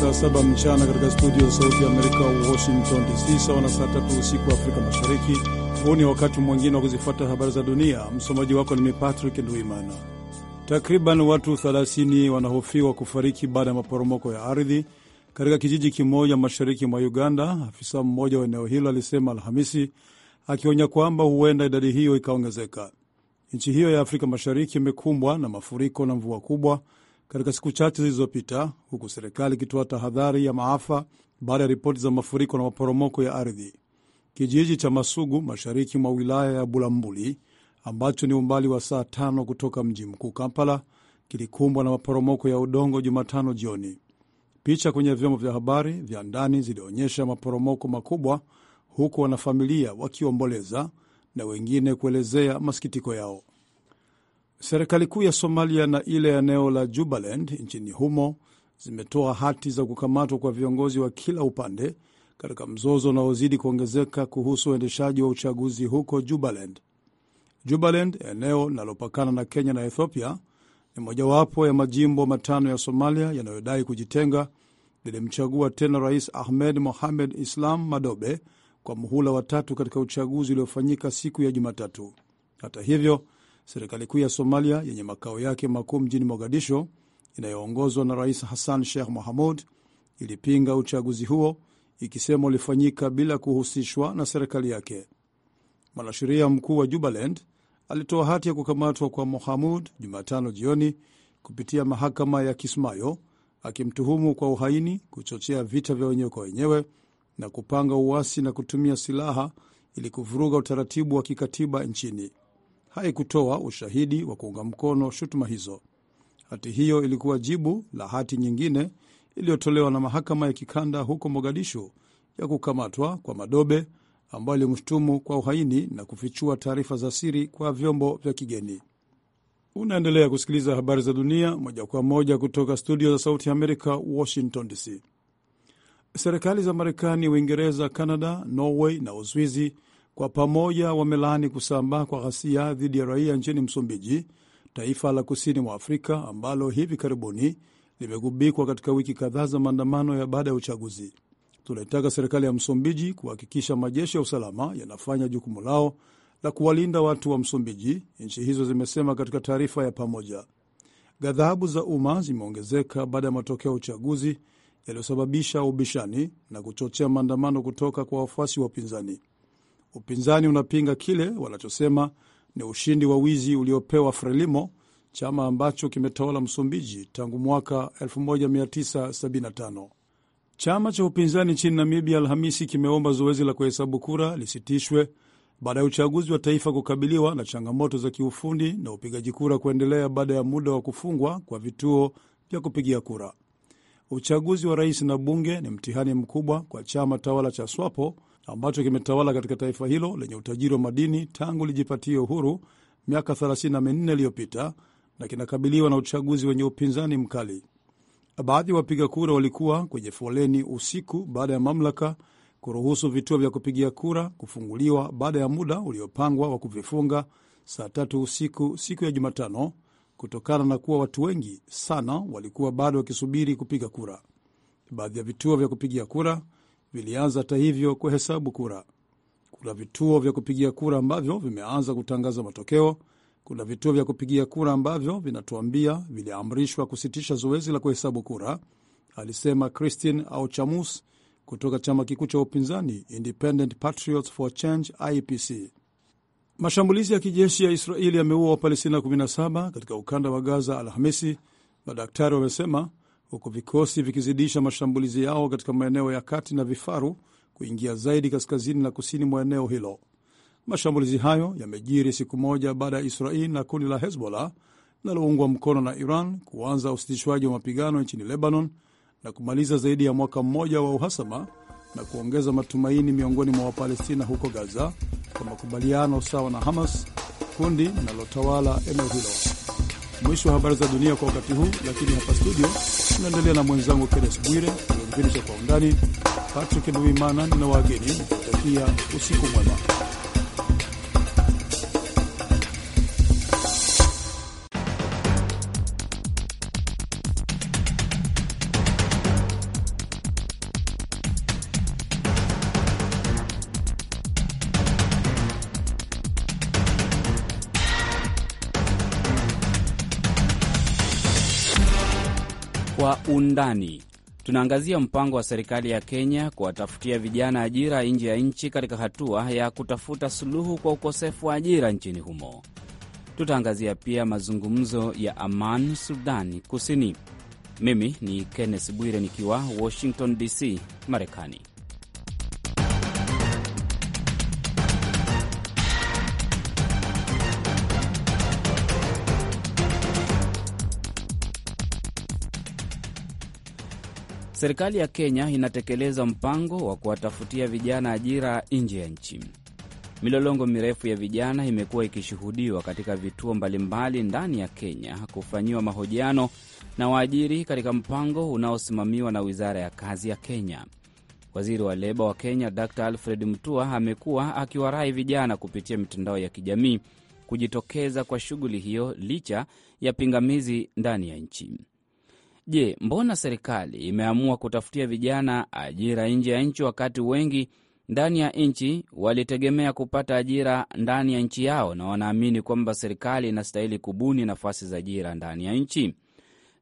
saa saba mchana katika studio Sauti ya Amerika, Washington DC, sawa na saa tatu usiku wa Afrika Mashariki. Huu ni wakati mwingine wa kuzifuata habari za dunia. Msomaji wako ni Patrick Ndwimana. Takriban watu 30 wanahofiwa kufariki baada ya maporomoko ya ardhi katika kijiji kimoja mashariki mwa Uganda, afisa mmoja wa eneo hilo alisema Alhamisi, akionya kwamba huenda idadi hiyo ikaongezeka. Nchi hiyo ya Afrika Mashariki imekumbwa na mafuriko na mvua kubwa katika siku chache zilizopita, huku serikali ikitoa tahadhari ya maafa baada ya ripoti za mafuriko na maporomoko ya ardhi. Kijiji cha Masugu, mashariki mwa wilaya ya Bulambuli, ambacho ni umbali wa saa tano kutoka mji mkuu Kampala, kilikumbwa na maporomoko ya udongo Jumatano jioni. Picha kwenye vyombo vya habari vya ndani zilionyesha maporomoko makubwa, huku wanafamilia wakiomboleza na wengine kuelezea masikitiko yao. Serikali kuu ya Somalia na ile eneo la Jubaland nchini humo zimetoa hati za kukamatwa kwa viongozi wa kila upande katika mzozo unaozidi kuongezeka kuhusu uendeshaji wa uchaguzi huko Jubaland. Jubaland, eneo linalopakana na Kenya na Ethiopia, ni mojawapo ya majimbo matano ya Somalia yanayodai kujitenga, lilimchagua tena Rais Ahmed Mohamed Islam Madobe kwa muhula wa tatu katika uchaguzi uliofanyika siku ya Jumatatu. Hata hivyo Serikali kuu ya Somalia yenye makao yake makuu mjini Mogadisho, inayoongozwa na Rais Hassan Sheikh Mohamud, ilipinga uchaguzi huo ikisema ulifanyika bila kuhusishwa na serikali yake. Mwanasheria mkuu wa Jubaland alitoa hati ya kukamatwa kwa Mohamud Jumatano jioni kupitia mahakama ya Kismayo akimtuhumu kwa uhaini, kuchochea vita vya wenyewe kwa wenyewe na kupanga uasi na kutumia silaha ili kuvuruga utaratibu wa kikatiba nchini haikutoa ushahidi wa kuunga mkono shutuma hizo. Hati hiyo ilikuwa jibu la hati nyingine iliyotolewa na mahakama ya kikanda huko Mogadishu ya kukamatwa kwa Madobe ambayo ilimshutumu kwa uhaini na kufichua taarifa za siri kwa vyombo vya kigeni. Unaendelea kusikiliza habari za dunia moja kwa moja kutoka studio za Sauti ya Amerika, Washington DC. Serikali za Marekani, Uingereza, Kanada, Norway na Uswizi kwa pamoja wamelaani kusambaa kwa ghasia dhidi ya raia nchini Msumbiji, taifa la kusini mwa Afrika ambalo hivi karibuni limegubikwa katika wiki kadhaa za maandamano ya baada ya uchaguzi. Tunaitaka serikali ya Msumbiji kuhakikisha majeshi ya usalama yanafanya jukumu lao la kuwalinda watu wa Msumbiji, nchi hizo zimesema katika taarifa ya pamoja. Ghadhabu za umma zimeongezeka baada ya matokeo ya uchaguzi yaliyosababisha ubishani na kuchochea maandamano kutoka kwa wafuasi wa upinzani. Upinzani unapinga kile wanachosema ni ushindi wa wizi uliopewa Frelimo, chama ambacho kimetawala Msumbiji tangu mwaka 1975. Chama cha upinzani nchini Namibia Alhamisi kimeomba zoezi la kuhesabu kura lisitishwe baada ya uchaguzi wa taifa kukabiliwa na changamoto za kiufundi na upigaji kura kuendelea baada ya muda wa kufungwa kwa vituo vya kupigia kura. Uchaguzi wa rais na bunge ni mtihani mkubwa kwa chama tawala cha SWAPO ambacho kimetawala katika taifa hilo lenye utajiri wa madini tangu lijipatie uhuru miaka 34 iliyopita na kinakabiliwa na uchaguzi wenye upinzani mkali. Baadhi ya wapiga kura walikuwa kwenye foleni usiku baada ya mamlaka kuruhusu vituo vya kupigia kura kufunguliwa baada ya muda uliopangwa wa kuvifunga saa tatu usiku siku ya Jumatano, kutokana na kuwa watu wengi sana walikuwa bado wakisubiri kupiga kura. Baadhi ya vituo vya kupigia kura vilianza hata hivyo kuhesabu kura. Kuna vituo vya kupigia kura ambavyo vimeanza kutangaza matokeo. Kuna vituo vya kupigia kura ambavyo vinatuambia viliamrishwa kusitisha zoezi la kuhesabu kura, alisema Christine Auchamus kutoka chama kikuu cha upinzani Independent Patriots for Change, IPC. Mashambulizi ya kijeshi ya Israeli yameua Wapalestina 17 katika ukanda wa Gaza Alhamisi, madaktari wamesema, huku vikosi vikizidisha mashambulizi yao katika maeneo ya kati na vifaru kuingia zaidi kaskazini na kusini mwa eneo hilo. Mashambulizi hayo yamejiri siku moja baada ya Israeli na kundi la Hezbollah linaloungwa mkono na Iran kuanza usitishwaji wa mapigano nchini Lebanon na kumaliza zaidi ya mwaka mmoja wa uhasama na kuongeza matumaini miongoni mwa Wapalestina huko Gaza kwa makubaliano sawa na Hamas, kundi linalotawala eneo hilo. Mwisho wa habari za dunia kwa wakati huu, lakini hapa studio tunaendelea na mwenzangu Kennes Bwire kwenye kipindi cha Kwa Undani. Patrick Nduimana nina wageni takia usiku mwema. undani tunaangazia mpango wa serikali ya Kenya kuwatafutia vijana ajira nje ya nchi katika hatua ya kutafuta suluhu kwa ukosefu wa ajira nchini humo. Tutaangazia pia mazungumzo ya aman Sudani Kusini. Mimi ni Kenneth Bwire nikiwa Washington DC, Marekani. Serikali ya Kenya inatekeleza mpango wa kuwatafutia vijana ajira nje ya nchi. Milolongo mirefu ya vijana imekuwa ikishuhudiwa katika vituo mbalimbali ndani ya Kenya kufanyiwa mahojiano na waajiri katika mpango unaosimamiwa na Wizara ya Kazi ya Kenya. Waziri wa leba wa Kenya Dr Alfred Mutua amekuwa akiwarai vijana kupitia mitandao ya kijamii kujitokeza kwa shughuli hiyo licha ya pingamizi ndani ya nchi. Je, mbona serikali imeamua kutafutia vijana ajira nje ya nchi wakati wengi ndani ya nchi walitegemea kupata ajira ndani ya nchi yao na wanaamini kwamba serikali inastahili kubuni nafasi za ajira ndani ya nchi?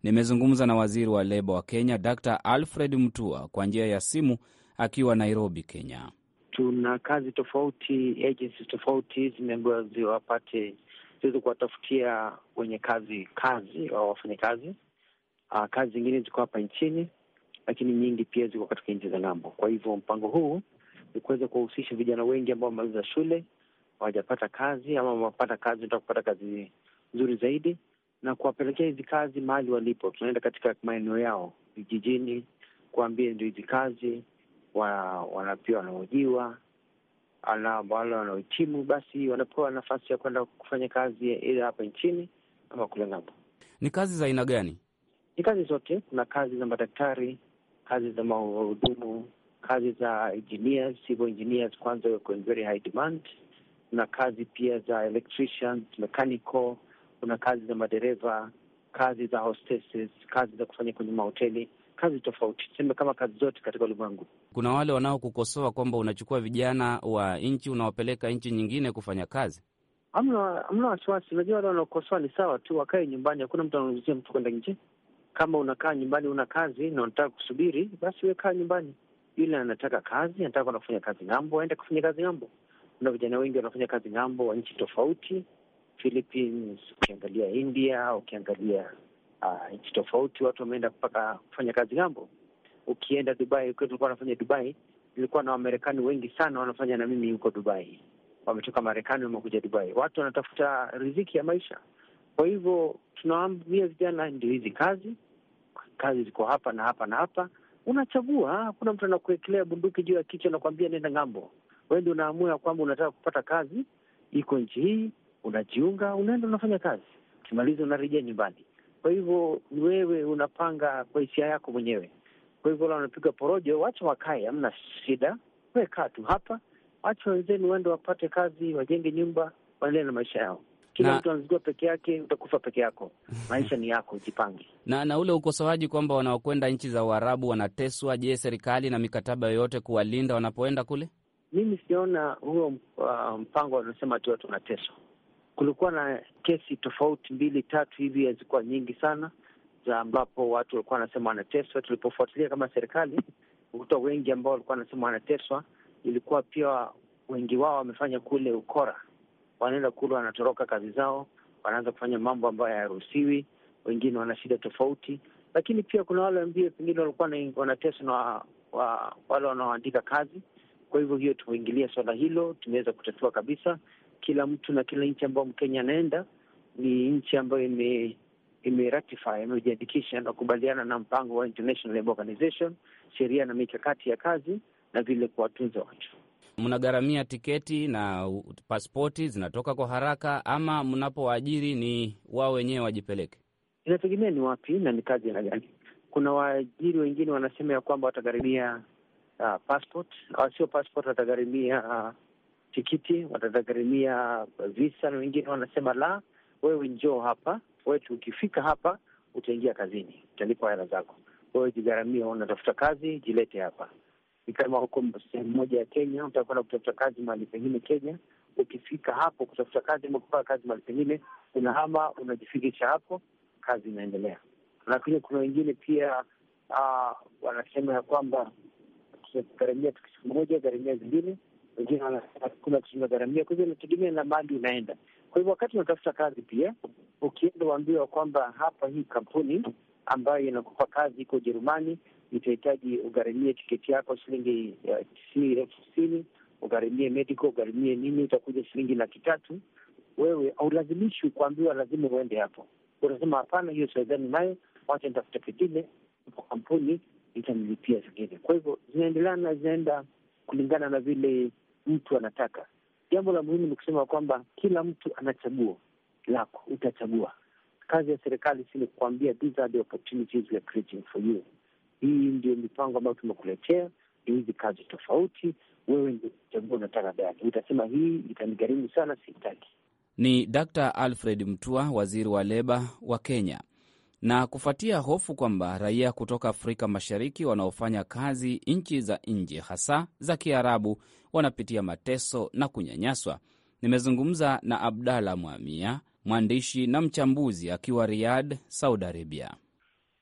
Nimezungumza na waziri wa leba wa Kenya Dr Alfred Mutua kwa njia ya simu akiwa Nairobi, Kenya. Tuna kazi tofauti, agencies tofauti zimeambiwa ziwapate ziweze kuwatafutia wenye kazi kazi au wafanyakazi Uh, kazi zingine ziko hapa nchini, lakini nyingi pia ziko katika nchi za ng'ambo. Kwa hivyo mpango huu ni kuweza kuwahusisha vijana wengi ambao wamemaliza shule hawajapata kazi ama wamepata kazi, ta kupata kazi nzuri zaidi, na kuwapelekea hizi kazi mahali walipo. Tunaenda katika maeneo yao vijijini, kuambia ndio hizi kazi wanapia, wanaojiwa wale wanaohitimu, basi wanapewa nafasi ya kwenda kufanya kazi ila hapa nchini ama kule ng'ambo. Ni kazi za aina gani? Ni kazi zote, kuna kazi za madaktari, kazi za mahudumu, kazi za engineers, civil engineers, kwanza very high demand. Kuna kazi pia za electricians, mechanical, kuna kazi za madereva, kazi za hostesses, kazi za kufanya kwenye mahoteli kazi tofauti, sema kama kazi zote katika ulimwengu. Kuna wale wanaokukosoa kwamba unachukua vijana wa nchi unawapeleka nchi nyingine kufanya kazi. Amna, amna wasiwasi. Unajua, wale wanaokosoa ni sawa tu, wakae nyumbani. Hakuna mtu anauzia mtu kwenda nje. Kama unakaa nyumbani, una kazi na unataka kusubiri, basi wekaa nyumbani. Yule anataka kazi, anataka kwenda kufanya kazi ng'ambo, aende kufanya kazi ng'ambo. Kuna vijana wengi wanafanya kazi ng'ambo wa nchi tofauti, Philippines, ukiangalia India, ukiangalia uh, nchi tofauti, watu wameenda mpaka kufanya kazi ng'ambo. Ukienda Dubai, ukiwa tulikuwa wanafanya Dubai, nilikuwa na Wamarekani wengi sana wanafanya na mimi huko Dubai, wametoka Marekani wamekuja Dubai. Watu wanatafuta riziki ya maisha, kwa hivyo tunawaambia vijana ndio hizi kazi kazi ziko hapa na hapa na hapa, unachagua. Hakuna mtu anakuwekelea bunduki juu ya kichwa nakwambia nenda ng'ambo. Wewe ndio unaamua kwamba unataka kupata kazi iko nchi hii, unajiunga, unaenda, unafanya kazi, ukimaliza unarejea nyumbani. Kwa hivyo ni wewe unapanga kwa hisia yako mwenyewe. Kwa hivyo la wanapiga porojo, wacha wakae, hamna shida, wekaa tu hapa, wacha wenzenu waende wapate kazi, wajenge nyumba, waendelee na maisha yao. Kila mtu anazikua peke yake, utakufa peke yako. Maisha ni yako, jipange. Na na ule ukosoaji kwamba wanaokwenda nchi za Uarabu wanateswa, je, serikali na mikataba yoyote kuwalinda wanapoenda kule? Mimi siona huo uh, mpango wanasema tu watu wanateswa. Kulikuwa na kesi tofauti mbili tatu hivi, hazikuwa nyingi sana za ambapo watu walikuwa wanasema wanateswa. Tulipofuatilia kama serikali, ukuta wengi ambao walikuwa wanasema wanateswa, ilikuwa pia wengi wao wamefanya kule ukora wanaenda kule, wanatoroka kazi zao, wanaanza kufanya mambo ambayo hayaruhusiwi. Wengine wana shida tofauti, lakini pia kuna wale ambao pengine walikuwa wanateswa na wa, wale wanaoandika kazi. Kwa hivyo hiyo, tumeingilia swala hilo, tumeweza kutatua kabisa. Kila mtu na kila nchi ambayo Mkenya anaenda ni nchi ambayo ime imeratify imejiandikisha na na mpango wa International Labour Organization, sheria na mikakati ya kazi na vile kuwatunza watu. Mnagharamia tiketi na paspoti zinatoka kwa haraka, ama mnapowaajiri ni wao wenyewe wajipeleke? Inategemea ni wapi na ni kazi na gani. Kuna waajiri wengine wanasema ya kwamba watagharimia uh, passport au sio passport, watagharimia uh, tikiti, watagharimia visa, na wengine wanasema la, wewe njoo hapa, wetu, ukifika hapa utaingia kazini, utalipa hela zako, wewe jigharamia, unatafuta kazi, jilete hapa ni kama huko sehemu moja ya Kenya, utakwenda kutafuta kazi mahali pengine Kenya. Ukifika hapo kutafuta kazi ama kupata kazi mahali pengine, unahama, unajifikisha hapo, kazi inaendelea. Lakini kuna wengine pia ah, wanasema ya kwamba tunagharamia tukisiku moja gharamia zingine, wengine wanakula tunagharamia. Kwa hivyo inategemea na mahali unaenda. Kwa hivyo wakati unatafuta kazi pia, ukienda waambiwa kwamba hapa hii kampuni ambayo inakupa kazi iko Ujerumani itahitaji ugharimie tiketi yako shilingi ya tisini elfu tisini ugharimie medical ugharimie nini, utakuja shilingi laki tatu. Wewe haulazimishi kuambiwa lazima uende hapo, unasema hapana, hiyo siwezani nayo, wacha nitafuta kingine, kampuni itanilipia zingine. Kwa hivyo zinaendelea, zinaenda kulingana na vile mtu anataka. Jambo la muhimu ni kusema kwamba kila mtu ana chaguo lako, utachagua. Kazi ya serikali si ni kukwambia these are the opportunities we are creating for you hii ndio mipango ambayo tumekuletea, ndio hizi kazi tofauti, wewe ndio chagua unataka gani. Utasema hii itanigharimu sana, sitaki. Ni Dr Alfred mtua waziri wa leba wa Kenya. Na kufuatia hofu kwamba raia kutoka Afrika Mashariki wanaofanya kazi nchi za nje, hasa za Kiarabu, wanapitia mateso na kunyanyaswa, nimezungumza na Abdala Mwamia, mwandishi na mchambuzi akiwa Riyadh, Saudi Arabia.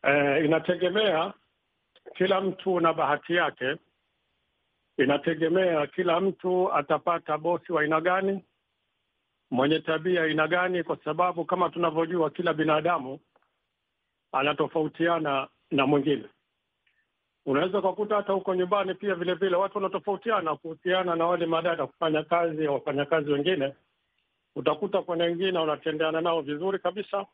Eh, inategemea kila mtu na bahati yake, inategemea kila mtu atapata bosi wa aina gani, mwenye tabia aina gani, kwa sababu kama tunavyojua kila binadamu anatofautiana na mwingine. Unaweza ukakuta hata huko nyumbani pia vile vile watu wanatofautiana kuhusiana na wale madada kufanya kazi wafanyakazi wengine. Utakuta kuna wengine unatendeana nao vizuri kabisa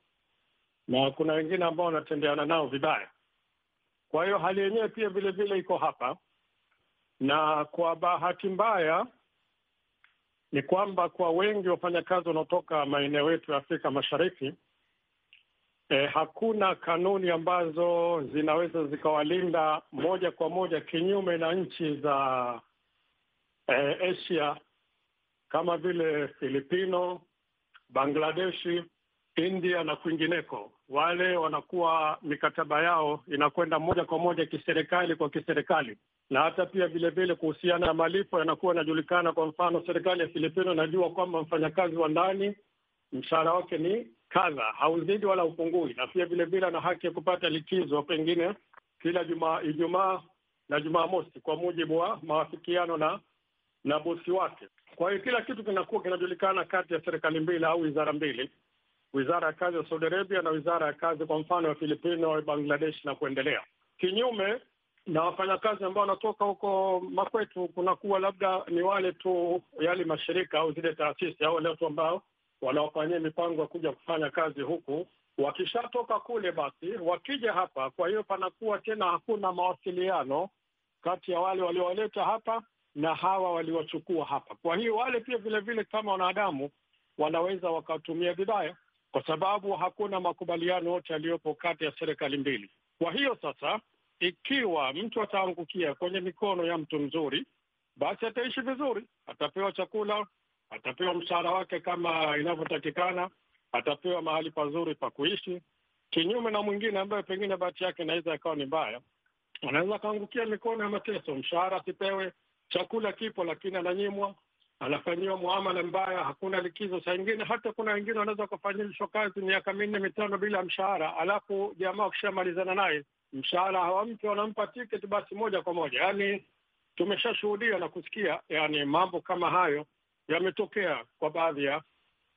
na kuna wengine ambao wanatendeana nao vibaya. Kwa hiyo hali yenyewe pia vile vile iko hapa, na kwa bahati mbaya ni kwamba kwa wengi wafanyakazi wanaotoka maeneo yetu ya Afrika Mashariki eh, hakuna kanuni ambazo zinaweza zikawalinda moja kwa moja kinyume na nchi za eh, Asia kama vile Filipino, Bangladeshi India na kwingineko, wale wanakuwa mikataba yao inakwenda moja kwa moja kiserikali kwa kiserikali, na hata pia vilevile kuhusiana na malipo yanakuwa yanajulikana. Kwa mfano, serikali ya Filipino inajua kwamba mfanyakazi wa ndani mshahara wake ni kadha, hauzidi wala upungui, na pia vilevile ana haki ya kupata likizo pengine kila juma, Ijumaa na Jumamosi kwa mujibu wa mawafikiano na na bosi wake. Kwa hiyo kila kitu kinakuwa kinajulikana kati ya serikali mbili au wizara mbili wizara ya kazi ya Saudi Arabia na wizara ya kazi kwa mfano ya Filipino, Bangladesh na kuendelea. Kinyume na wafanyakazi ambao wanatoka huko makwetu, kunakuwa labda ni wale tu yale mashirika au zile taasisi au wale watu ambao wanaofanyia mipango ya kuja kufanya kazi huku wakishatoka kule basi wakija hapa. Kwa hiyo panakuwa tena hakuna mawasiliano kati ya wale waliowaleta hapa na hawa waliwachukua hapa. Kwa hiyo wale pia vilevile, kama wanadamu, wanaweza wakatumia vibaya kwa sababu hakuna makubaliano yote yaliyopo kati ya serikali mbili. Kwa hiyo sasa, ikiwa mtu ataangukia kwenye mikono ya mtu mzuri, basi ataishi vizuri, atapewa chakula, atapewa mshahara wake kama inavyotakikana, atapewa mahali pazuri pa kuishi, kinyume na mwingine ambaye pengine bahati yake inaweza ikawa ni mbaya, anaweza akaangukia mikono ya mateso, mshahara asipewe, chakula kipo lakini ananyimwa, anafanyiwa muamala mbaya, hakuna likizo. Saa ingine hata kuna wengine wanaweza wakafanyishwa kazi miaka minne mitano bila mshahara, alafu jamaa wakishamalizana naye mshahara hawampi, wanampa tiketi basi moja kwa moja. yani tumeshashuhudia na kusikia, yani mambo kama hayo yametokea kwa baadhi ya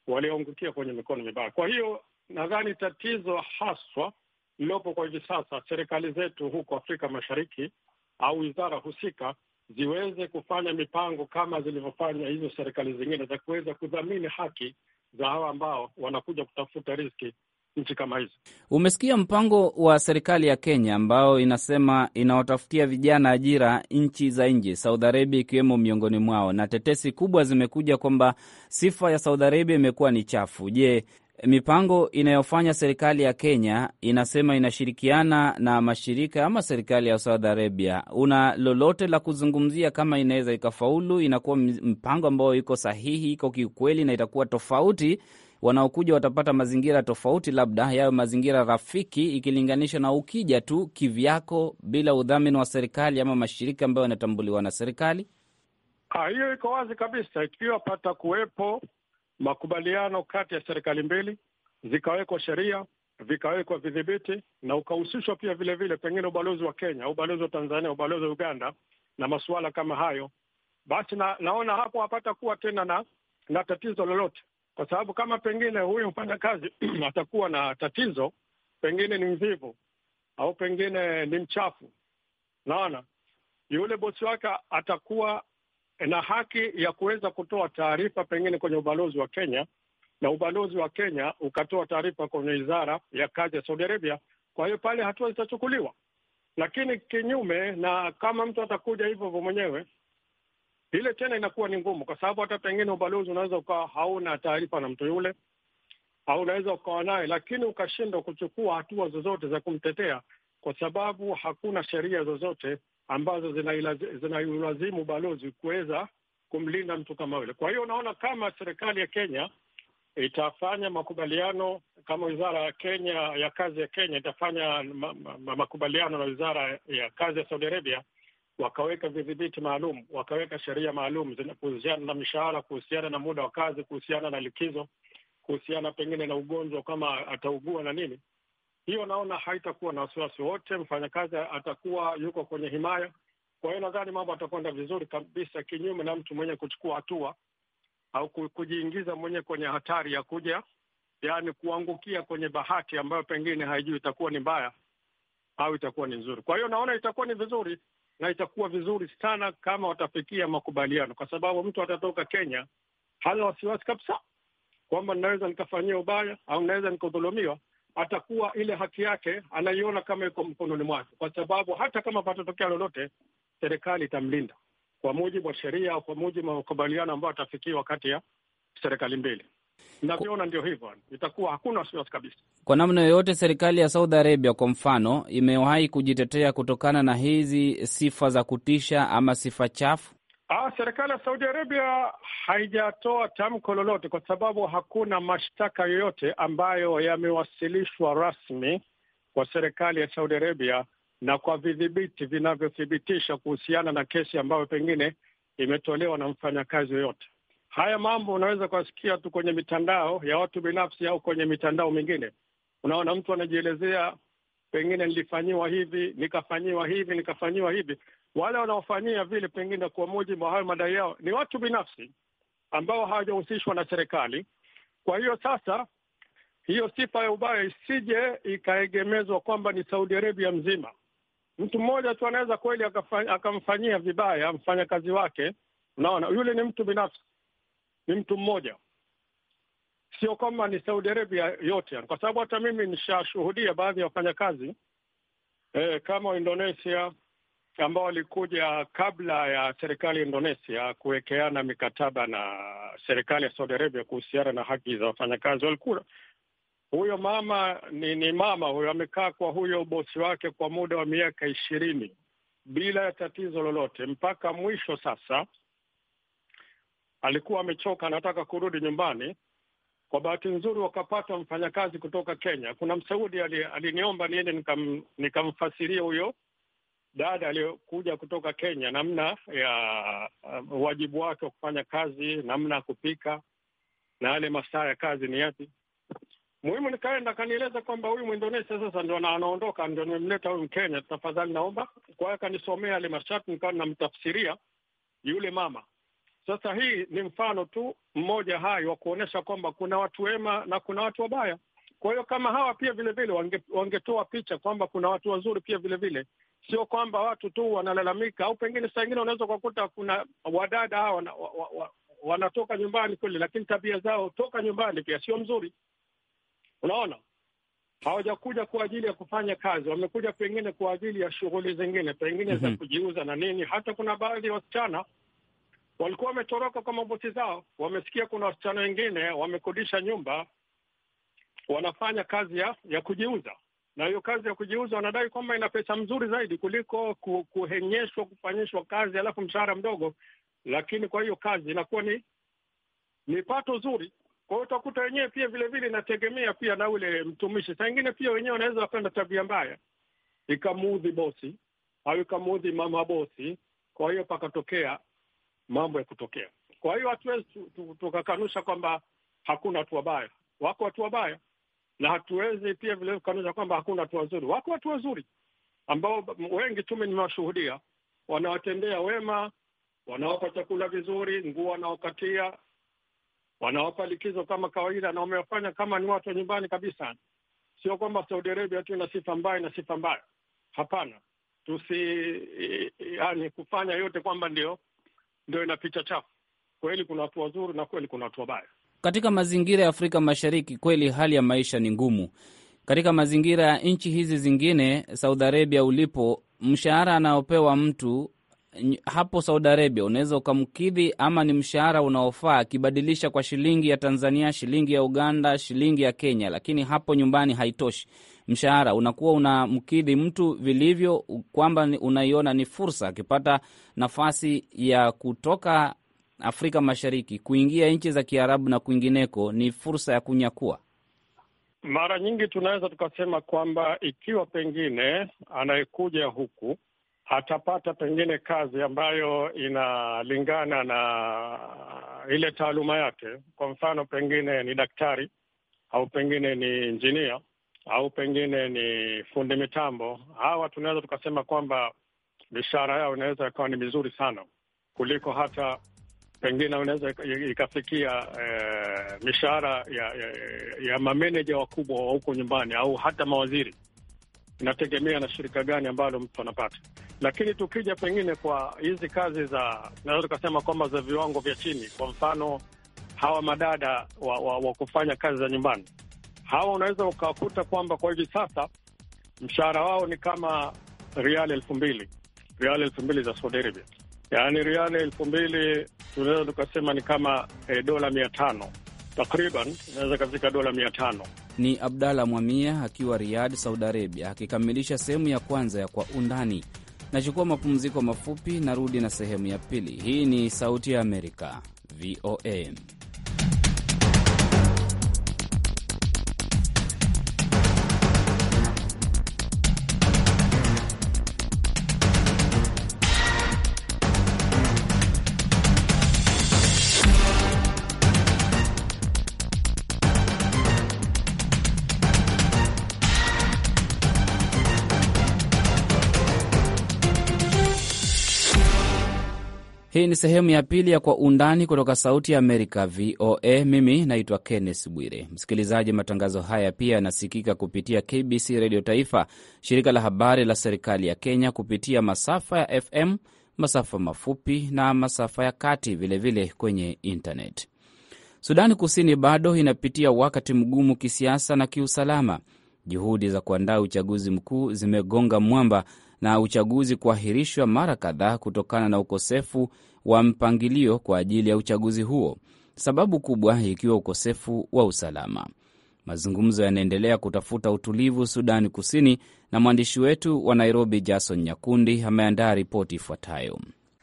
walioangukia kwenye mikono mibaya. Kwa hiyo nadhani tatizo haswa lilopo kwa hivi sasa, serikali zetu huko Afrika Mashariki au wizara husika ziweze kufanya mipango kama zilivyofanya hizo serikali zingine za kuweza kudhamini haki za hawa ambao wanakuja kutafuta riski nchi kama hizo. Umesikia mpango wa serikali ya Kenya ambao inasema inaotafutia vijana ajira nchi za nje, Saudi Arabia ikiwemo miongoni mwao, na tetesi kubwa zimekuja kwamba sifa ya Saudi Arabia imekuwa ni chafu. Je, mipango inayofanya serikali ya Kenya inasema inashirikiana na mashirika ama serikali ya Saudi Arabia. Una lolote la kuzungumzia kama inaweza ikafaulu? Inakuwa mpango ambao iko sahihi, iko kiukweli, na itakuwa tofauti, wanaokuja watapata mazingira tofauti, labda yayo mazingira rafiki, ikilinganisha na ukija tu kivyako bila udhamini wa serikali ama mashirika ambayo yanatambuliwa na serikali. Ah, hiyo iko wazi kabisa, ikiwa pata kuwepo makubaliano kati ya serikali mbili, zikawekwa sheria, vikawekwa vidhibiti, na ukahusishwa pia vilevile vile, pengine ubalozi wa Kenya, ubalozi wa Tanzania, ubalozi wa Uganda na masuala kama hayo, basi na, naona hapo hapata kuwa tena na, na tatizo lolote, kwa sababu kama pengine huyu mfanyakazi atakuwa na tatizo, pengine ni mvivu au pengine ni mchafu, naona yule bosi wake atakuwa na haki ya kuweza kutoa taarifa pengine kwenye ubalozi wa Kenya na ubalozi wa Kenya ukatoa taarifa kwenye wizara ya kazi ya Saudi Arabia. Kwa hiyo pale hatua zitachukuliwa, lakini kinyume na kama mtu atakuja hivyo hivyo mwenyewe, ile tena inakuwa ni ngumu, kwa sababu hata pengine ubalozi unaweza ukawa hauna taarifa na mtu yule, au unaweza ukawa naye, lakini ukashindwa kuchukua hatua zozote za kumtetea, kwa sababu hakuna sheria zozote ambazo zinailazimu balozi kuweza kumlinda mtu kama yule. Kwa hiyo unaona kama serikali ya Kenya itafanya makubaliano kama wizara ya Kenya ya kazi ya Kenya itafanya ma, ma, makubaliano na wizara ya kazi ya Saudi Arabia, wakaweka vidhibiti maalum, wakaweka sheria maalum kuhusiana na mishahara, kuhusiana na muda wa kazi, kuhusiana na likizo, kuhusiana pengine na ugonjwa kama ataugua na nini, hiyo naona haitakuwa na wasiwasi wote. Mfanyakazi atakuwa yuko kwenye himaya, kwa hiyo nadhani mambo atakwenda vizuri kabisa, kinyume na mtu mwenye kuchukua hatua au kujiingiza mwenyewe kwenye hatari ya kuja, yaani kuangukia kwenye bahati ambayo pengine haijui itakuwa ni mbaya au itakuwa ni nzuri. Kwa hiyo naona itakuwa ni vizuri na itakuwa vizuri sana kama watafikia makubaliano, kwa sababu mtu atatoka Kenya hana wasiwasi kabisa kwamba ninaweza nikafanyia ubaya au ninaweza nikadhulumiwa atakuwa ile haki yake anaiona kama iko mkononi mwake, kwa sababu hata kama patatokea lolote, serikali itamlinda kwa mujibu wa sheria kwa mujibu wa makubaliano ambayo atafikiwa kati ya serikali mbili. Navyoona ndio hivyo, itakuwa hakuna wasiwasi kabisa. Kwa namna yoyote, serikali ya Saudi Arabia kwa mfano imewahi kujitetea kutokana na hizi sifa za kutisha ama sifa chafu? Ah, serikali ya Saudi Arabia haijatoa tamko lolote kwa sababu hakuna mashtaka yoyote ambayo yamewasilishwa rasmi kwa serikali ya Saudi Arabia na kwa vidhibiti vinavyothibitisha kuhusiana na kesi ambayo pengine imetolewa na mfanyakazi yoyote. Haya mambo unaweza kuwasikia tu kwenye mitandao ya watu binafsi au kwenye mitandao mingine. Unaona, mtu anajielezea pengine nilifanyiwa hivi nikafanyiwa hivi nikafanyiwa hivi. Wale wanaofanyia vile, pengine kwa mujibu wa hayo madai yao, ni watu binafsi ambao hawajahusishwa na serikali. Kwa hiyo sasa, hiyo sifa ya ubaya isije ikaegemezwa kwamba ni Saudi Arabia mzima. Mtu mmoja tu anaweza kweli akamfanyia vibaya mfanyakazi wake. Unaona, yule ni mtu binafsi, ni mtu mmoja sio kwamba ni Saudi Arabia yote, kwa sababu hata mimi nishashuhudia baadhi ya wafanyakazi e, kama Indonesia ambao walikuja kabla ya serikali ya Indonesia kuwekeana mikataba na serikali ya Saudi Arabia kuhusiana na haki za wafanyakazi. Walikuwa huyo mama ni, ni mama huyo amekaa kwa huyo bosi wake kwa muda wa miaka ishirini bila ya tatizo lolote, mpaka mwisho sasa alikuwa amechoka, anataka kurudi nyumbani. Kwa bahati nzuri wakapata mfanyakazi kutoka Kenya. Kuna msaudi aliniomba ali niende nikamfasiria huyo dada aliyokuja kutoka Kenya namna ya uh, wajibu wake wa kufanya kazi, namna ya kupika na yale masaa ya kazi ni yapi. Muhimu nikaenda akanieleza kwamba huyu Mwindonesia sasa ndo anaondoka, ndo nimemleta huyu Mkenya, tafadhali naomba. Kwa hiyo akanisomea yale masharti, nikawa namtafsiria yule mama sasa hii ni mfano tu mmoja hai wa kuonyesha kwamba kuna watu wema na kuna watu wabaya. Kwa hiyo kama hawa pia vilevile wange, wangetoa picha kwamba kuna watu wazuri pia vilevile, sio kwamba watu tu wanalalamika, au pengine saa ingine unaweza ukakuta kuna wadada hawa wana, wa, wa, wa, wanatoka nyumbani kule, lakini tabia zao toka nyumbani pia sio mzuri. Unaona, hawajakuja kwa ajili ya kufanya kazi, wamekuja pengine kwa ajili ya shughuli zingine pengine mm -hmm. za mhm. kujiuza na nini. Hata kuna baadhi ya wasichana walikuwa wametoroka kwa maboti zao. Wamesikia kuna wasichana wengine wamekodisha nyumba, wanafanya kazi ya, ya kujiuza, na hiyo kazi ya kujiuza wanadai kwamba ina pesa mzuri zaidi kuliko kuhenyeshwa, kufanyishwa kazi alafu mshahara mdogo, lakini kwa hiyo kazi inakuwa ni ni pato zuri. Kwa hiyo utakuta wenyewe pia vilevile inategemea pia na ule mtumishi. Saa ingine pia wenyewe wanaweza wakaenda tabia mbaya ikamuudhi bosi au ikamuudhi mama bosi, kwa hiyo pakatokea mambo ya kutokea. Kwa hiyo hatuwezi tukakanusha kwamba hakuna watu wabaya, wako watu wabaya, na hatuwezi pia vile kukanusha kwamba hakuna watu wazuri, wako watu wazuri ambao wengi tume nimewashuhudia, wanawatendea wema, wanawapa chakula vizuri, nguo wanaokatia, wanawapa likizo kama kawaida, na wamewafanya kama ni watu wa nyumbani kabisa. Sio kwamba Saudi Arabia tu ina sifa mbaya na sifa mbaya, hapana. Tusi eh, eh, yani kufanya yote kwamba ndio ndio ina picha chafu. Kweli kuna watu wazuri na kweli kuna watu wabaya. Katika mazingira ya Afrika Mashariki, kweli hali ya maisha ni ngumu. Katika mazingira ya nchi hizi zingine, Saudi Arabia ulipo, mshahara anaopewa mtu hapo Saudi Arabia unaweza ukamkidhi ama ni mshahara unaofaa, akibadilisha kwa shilingi ya Tanzania, shilingi ya Uganda, shilingi ya Kenya, lakini hapo nyumbani haitoshi mshahara unakuwa unamkidhi mtu vilivyo, kwamba unaiona ni fursa akipata nafasi ya kutoka Afrika Mashariki kuingia nchi za Kiarabu na kwingineko, ni fursa ya kunyakua. Mara nyingi tunaweza tukasema kwamba ikiwa pengine anayekuja huku atapata pengine kazi ambayo inalingana na ile taaluma yake, kwa mfano pengine ni daktari au pengine ni injinia au pengine ni fundi mitambo, hawa tunaweza tukasema kwamba mishahara yao inaweza ikawa ni mizuri sana kuliko hata pengine unaweza ikafikia eh, mishahara ya, ya, ya mameneja wakubwa wa huko nyumbani au hata mawaziri. Inategemea na shirika gani ambalo mtu anapata. Lakini tukija pengine kwa hizi kazi za naweza tukasema kwamba za viwango vya chini, kwa mfano hawa madada wa, wa, wa kufanya kazi za nyumbani hawa unaweza ukakuta kwamba kwa hivi sasa mshahara wao ni kama riali elfu mbili riali elfu mbili za Saudi Arabia, yaani riali elfu mbili tunaweza tukasema ni kama e, dola mia tano takriban, inaweza kafika dola mia tano. Ni Abdalla Mwamia akiwa Riyadh, Saudi Arabia, akikamilisha sehemu ya kwanza ya Kwa Undani. Nachukua mapumziko mafupi, narudi na sehemu ya pili. Hii ni Sauti ya Amerika, VOA. Hii ni sehemu ya pili ya Kwa Undani kutoka Sauti ya Amerika, VOA. Mimi naitwa Kenneth Bwire. Msikilizaji, matangazo haya pia yanasikika kupitia KBC Redio Taifa, shirika la habari la serikali ya Kenya, kupitia masafa ya FM, masafa mafupi na masafa ya kati, vilevile vile kwenye intanet. Sudani Kusini bado inapitia wakati mgumu kisiasa na kiusalama. Juhudi za kuandaa uchaguzi mkuu zimegonga mwamba na uchaguzi kuahirishwa mara kadhaa kutokana na ukosefu wa mpangilio kwa ajili ya uchaguzi huo, sababu kubwa ikiwa ukosefu wa usalama. Mazungumzo yanaendelea kutafuta utulivu Sudani Kusini, na mwandishi wetu wa Nairobi Jason Nyakundi ameandaa ripoti ifuatayo.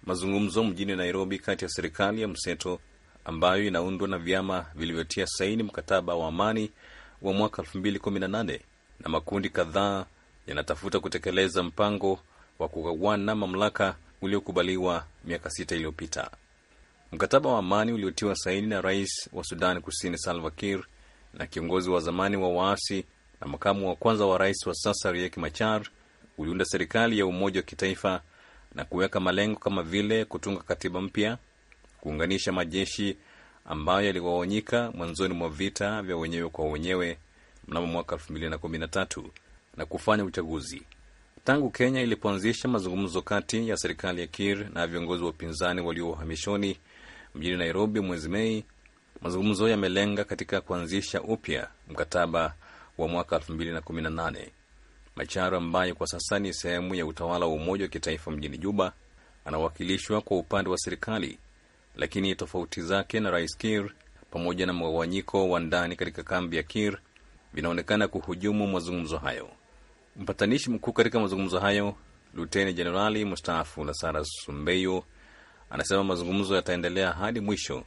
Mazungumzo mjini Nairobi kati ya serikali ya mseto ambayo inaundwa na vyama vilivyotia saini mkataba wa amani wa mwaka 2018 na makundi kadhaa yanatafuta kutekeleza mpango wa kugawana mamlaka uliokubaliwa miaka sita iliyopita. Mkataba wa amani uliotiwa saini na rais wa Sudan Kusini Salva Kiir na kiongozi wa zamani wa waasi na makamu wa kwanza wa rais wa sasa Riek Machar uliunda serikali ya umoja wa kitaifa na kuweka malengo kama vile kutunga katiba mpya, kuunganisha majeshi ambayo yaligawanyika mwanzoni mwa vita vya wenyewe kwa wenyewe mnamo mwaka na kufanya uchaguzi. Tangu Kenya ilipoanzisha mazungumzo kati ya serikali ya Kir na viongozi wa upinzani walio uhamishoni mjini Nairobi mwezi Mei, mazungumzo yamelenga katika kuanzisha upya mkataba wa mwaka 2018. Macharo ambaye kwa sasa ni sehemu ya utawala wa Umoja wa Kitaifa mjini Juba anawakilishwa kwa upande wa serikali, lakini tofauti zake na Rais Kir pamoja na mgawanyiko wa ndani katika kambi ya Kir vinaonekana kuhujumu mazungumzo hayo. Mpatanishi mkuu katika mazungumzo hayo Luteni Jenerali mstaafu Lasara Sumbeyo anasema mazungumzo yataendelea hadi mwisho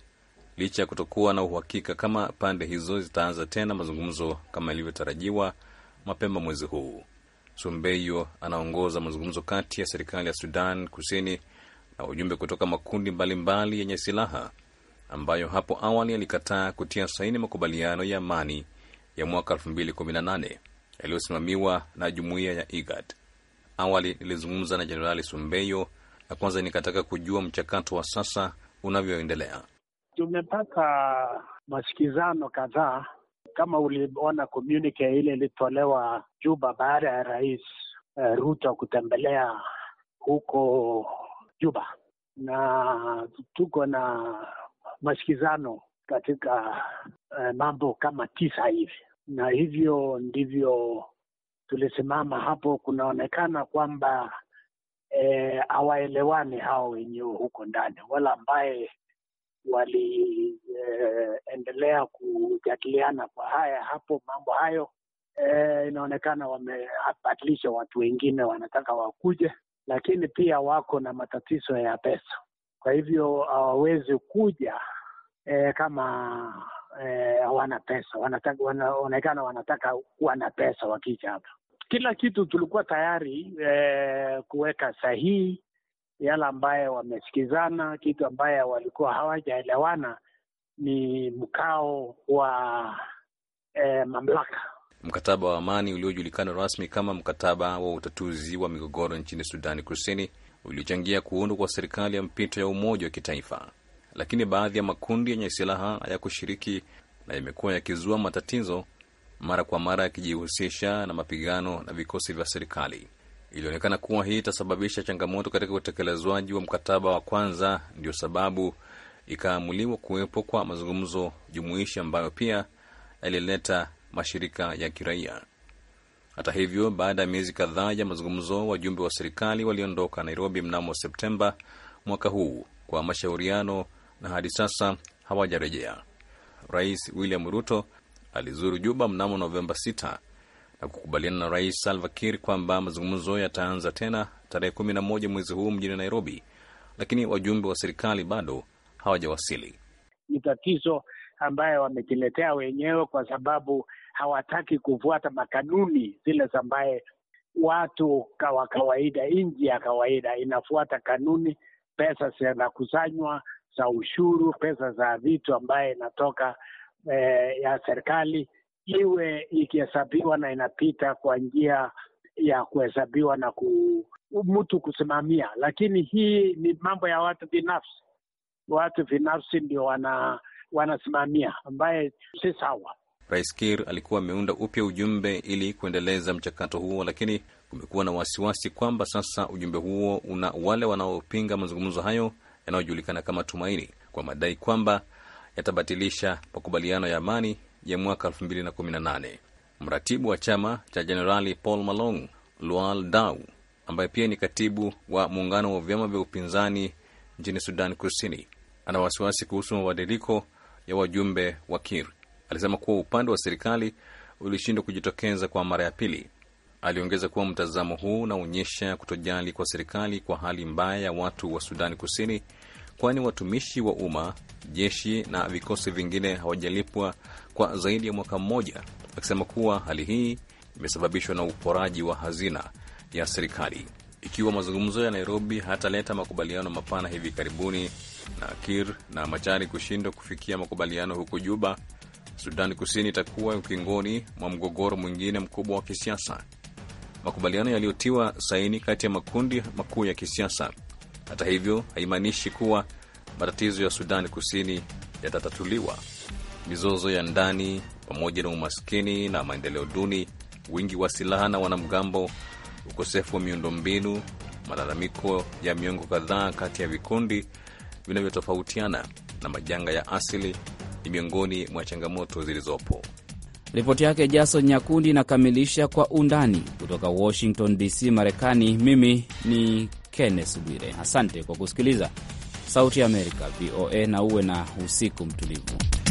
licha ya kutokuwa na uhakika kama pande hizo zitaanza tena mazungumzo kama ilivyotarajiwa mapema mwezi huu. Sumbeyo anaongoza mazungumzo kati ya serikali ya Sudan Kusini na ujumbe kutoka makundi mbalimbali yenye silaha ambayo hapo awali alikataa kutia saini makubaliano ya amani ya mwaka 2018 yaliyosimamiwa na jumuiya ya IGAD. Awali nilizungumza na Jenerali Sumbeyo na kwanza nikataka kujua mchakato wa sasa unavyoendelea. Tumepata masikizano kadhaa, kama uliona komunike ile ilitolewa Juba baada ya Rais uh, Ruto kutembelea huko Juba, na tuko na masikizano katika uh, mambo kama tisa hivi na hivyo ndivyo tulisimama hapo. Kunaonekana kwamba eh, hawaelewani e, hao wenyewe huko ndani, wala ambaye waliendelea eh, e, kujadiliana kwa haya hapo mambo hayo e, inaonekana wamebadilisha watu wengine, wanataka wakuje, lakini pia wako na matatizo ya pesa, kwa hivyo hawawezi kuja e, kama Eh, hawana pesa wanataka, wanaonekana wanataka kuwa na pesa wakija hapa. Kila kitu tulikuwa tayari eh, kuweka sahihi yale ambayo wamesikizana. Kitu ambayo walikuwa hawajaelewana ni mkao wa eh, mamlaka. Mkataba wa amani uliojulikana rasmi kama mkataba wa utatuzi wa migogoro nchini Sudani Kusini uliochangia kuundwa kwa serikali ya mpito ya umoja wa kitaifa lakini baadhi ya makundi yenye silaha hayakushiriki na yamekuwa yakizua matatizo mara kwa mara yakijihusisha na mapigano na vikosi vya serikali. Ilionekana kuwa hii itasababisha changamoto katika utekelezwaji wa mkataba wa kwanza, ndio sababu ikaamuliwa kuwepo kwa mazungumzo jumuishi ambayo pia yalileta mashirika ya kiraia. Hata hivyo, baada ya miezi kadhaa ya mazungumzo, wajumbe wa serikali waliondoka Nairobi mnamo Septemba mwaka huu kwa mashauriano na hadi sasa hawajarejea. Rais William Ruto alizuru Juba mnamo Novemba 6 na kukubaliana na Rais Salva Kiir kwamba mazungumzo yataanza tena tarehe 11 mwezi huu mjini Nairobi, lakini wajumbe wa serikali bado hawajawasili. Ni tatizo ambayo wamejiletea wenyewe kwa sababu hawataki kufuata makanuni zile zambaye watu wa kawaida, nchi ya kawaida inafuata kanuni. Pesa zinakusanywa, za ushuru, pesa za vitu ambaye inatoka eh, ya serikali iwe ikihesabiwa na inapita kwa njia ya kuhesabiwa na ku, mtu kusimamia, lakini hii ni mambo ya watu binafsi. Watu binafsi ndio wana wanasimamia, ambaye si sawa. Rais Kir alikuwa ameunda upya ujumbe ili kuendeleza mchakato huo, lakini kumekuwa na wasiwasi kwamba sasa ujumbe huo una wale wanaopinga mazungumzo hayo yanayojulikana kama Tumaini kwa madai kwamba yatabatilisha makubaliano ya amani ya mwaka 2018. Mratibu wa chama cha Jenerali Paul Malong Lual Dau, ambaye pia ni katibu wa muungano wa vyama vya upinzani nchini Sudan Kusini, ana wasiwasi kuhusu mabadiliko ya wajumbe wa Kir. Alisema kuwa upande wa serikali ulishindwa kujitokeza kwa mara ya pili Aliongeza kuwa mtazamo huu unaonyesha kutojali kwa serikali kwa hali mbaya ya watu wa Sudani Kusini, kwani watumishi wa umma, jeshi na vikosi vingine hawajalipwa kwa zaidi ya mwaka mmoja, akisema kuwa hali hii imesababishwa na uporaji wa hazina ya serikali. Ikiwa mazungumzo ya Nairobi hataleta makubaliano mapana hivi karibuni na Kir na Machari kushindwa kufikia makubaliano huku Juba, Sudani Kusini itakuwa ukingoni mwa mgogoro mwingine mkubwa wa kisiasa makubaliano yaliyotiwa saini kati ya makundi makuu ya kisiasa. Hata hivyo, haimaanishi kuwa matatizo ya sudani Kusini yatatatuliwa. Mizozo ya ndani pamoja na umaskini na maendeleo duni, wingi wa silaha na wanamgambo, ukosefu wa miundombinu, malalamiko ya miongo kadhaa kati ya vikundi vinavyotofautiana na majanga ya asili ni miongoni mwa changamoto zilizopo. Ripoti yake Jason Nyakundi inakamilisha kwa undani kutoka Washington DC, Marekani. Mimi ni Kenneth Bwire, asante kwa kusikiliza Sauti ya Amerika, VOA, na uwe na usiku mtulivu.